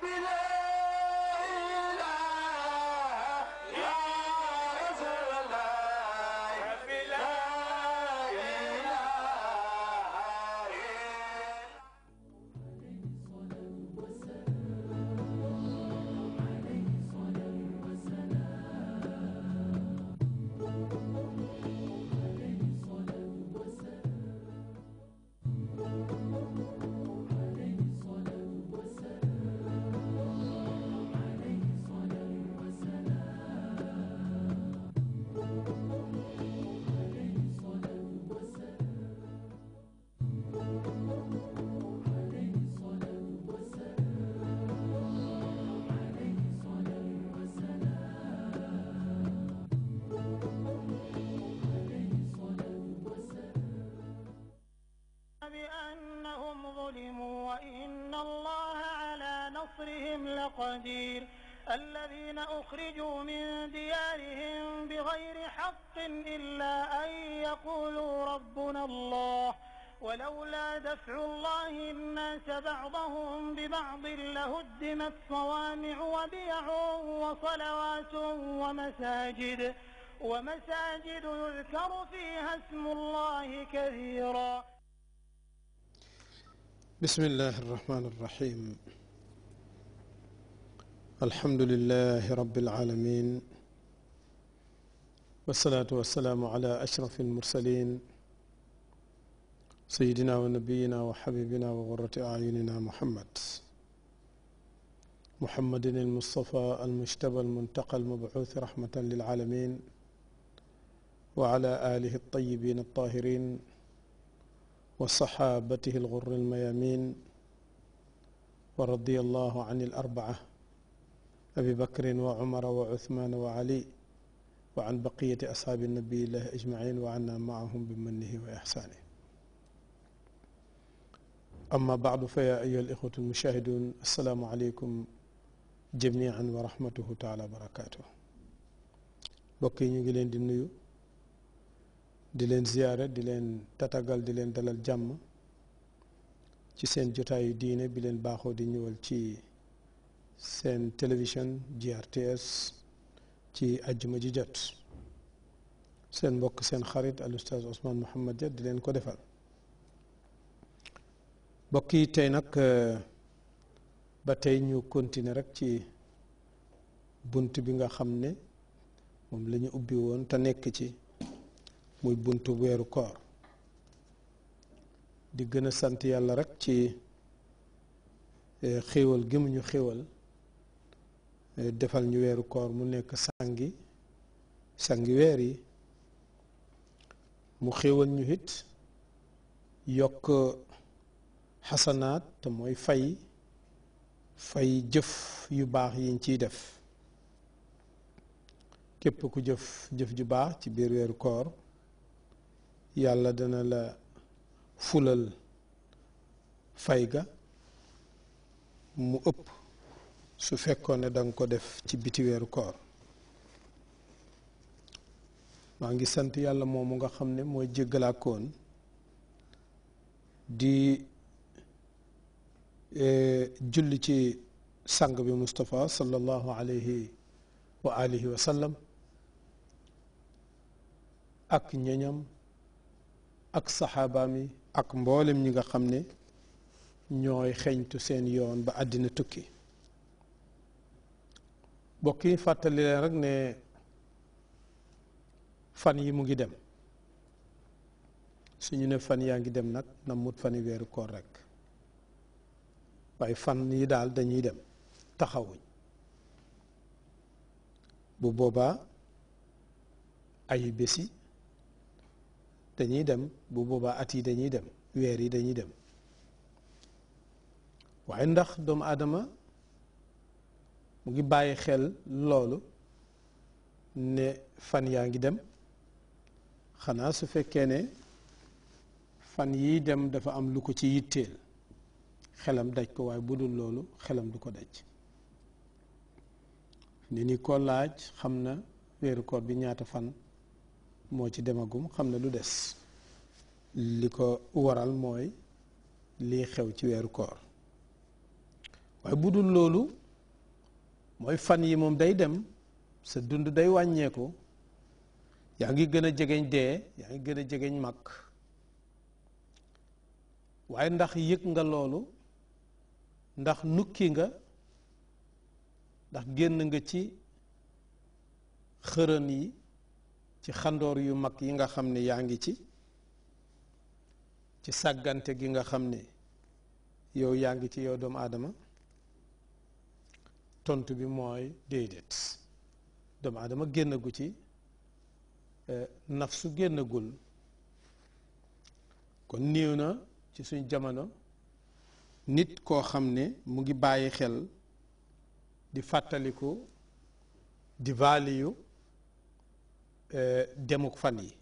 happiness. بأنهم ظلموا وإن الله على نصرهم لقدير الذين أخرجوا من ديارهم بغير حق إلا أن يقولوا ربنا الله ولولا دفع الله الناس بعضهم ببعض لهدمت صوامع وبيع وصلوات ومساجد ومساجد يذكر فيها اسم الله كثيرا بسم الله الرحمن الرحيم الحمد لله رب العالمين والصلاة والسلام على أشرف المرسلين سيدنا ونبينا وحبيبنا وغرة أعيننا محمد محمد المصطفى المجتبى المنتقى المبعوث رحمة للعالمين وعلى آله الطيبين الطاهرين وصحابته الغر الميامين ورضي الله عن الأربعة أبي بكر وعمر وعثمان وعلي وعن بقية أصحاب النبي الله أجمعين وعنا معهم بمنه وإحسانه أما بعد فيا أيها الإخوة المشاهدون السلام عليكم جميعا ورحمته تعالى وبركاته بقي نيجي لين دي نيو di leen ziyaara di leen tatagal di leen dalal jàmm ci seen jotaayu diine bi leen baaxoo di ñëwal ci seen télévision GRTS ci àjjuma ji jot seen mbokk seen xarit al ustaz Ousmane Mouhamed Dia di leen ko defal mbokk yi tey nag euh, ba tey ñu continuer rek ci bunt bi nga xam ne moom lañu ubbi woon te nekk ci muy buntu weeru koor di gën a sant yàlla rek ci eh, xéewal gi mu ñu xéewal eh, defal ñu weeru koor mu nekk sangi sangi weer yi mu xéewal ñu it yokk xasanaat te mooy fay fay jëf yu baax yiñ ciy def képp ku jëf jëf ju baax ci biir weeru koor yàlla dana la fulal fay ga mu ëpp su fekkoon ne danga ko def ci biti weeru koor maa ngi sant yàlla moomu nga xam ne mooy jéggalaakoon di eh, julli ci sang bi Moustapha sallallahu alayhi wa alihi wa sallam ak ñeñam ak saxaabaam yi ak mboolem ñi nga xam ne ñooy xeeñtu seen yoon ba àddina tukki bokk yi fàttali leen rek ne fan yi mu ngi dem suñu ne fan yaa ngi dem nag na mut fani weeru koor rek waaye fan yi daal dañuy dem taxawuñ bu boobaa ay bési dañuy dem bu boobaa at yi dañuy dem weer yi dañuy dem waaye ndax doomu aadama mu ngi bàyyi xel loolu ne fan yaa ngi dem xanaa su fekkee ne fan yiy dem dafa am lu ko ci yitteel xelam daj ko waaye bu dul loolu xelam du ko daj ni ni ko laaj xam na weeru koor bi ñaata fan moo ci demagum xam ne lu des li ko waral mooy lii xew ci weeru koor waaye bu dul loolu mooy fan yi moom day dem sa dund day wàññeeku yaa ngi gën a jegeñ dee yaa ngi gën a jegeñ mag waaye ndax yëg nga loolu ndax nukki nga ndax génn nga ci xërën yi ci xandoor yu mag yi nga xam ne yaa ngi ci ci sàggante gi nga xam ne yow yaa ngi ci yow doomu adama tontu bi mooy déedéet doomu aadama génnagu ci e, nafsu génnagul kon néew na ci suñ jamono nit koo xam ne mu ngi bàyyi xel di fàttaliku di vaaliyu demuk fan yi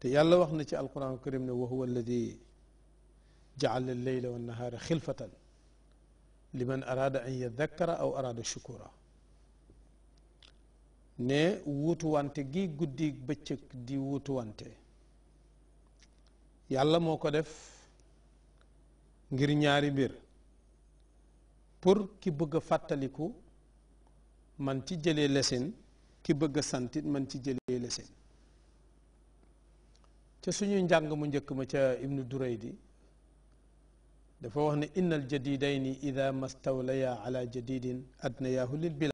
te yàlla wax na ci alquran karim ne wa huwa alladi jaala alleyla wannahaara xilfatan liman arada an yadakkara aw arada shukura ne wutuwante gi guddi bëccëg di wutuwante yàlla moo ko def ngir ñaari mbir pour ki bëgg a fàttaliku man ci jëlee lesin ki bëgg a santit man ci jëlee la seen ca suñuy njàng mu njëkk ma ca ibnu duraydi dafa wax ne innal jadidayni ida mastawlaya ala jadidin adnayaahu lil bila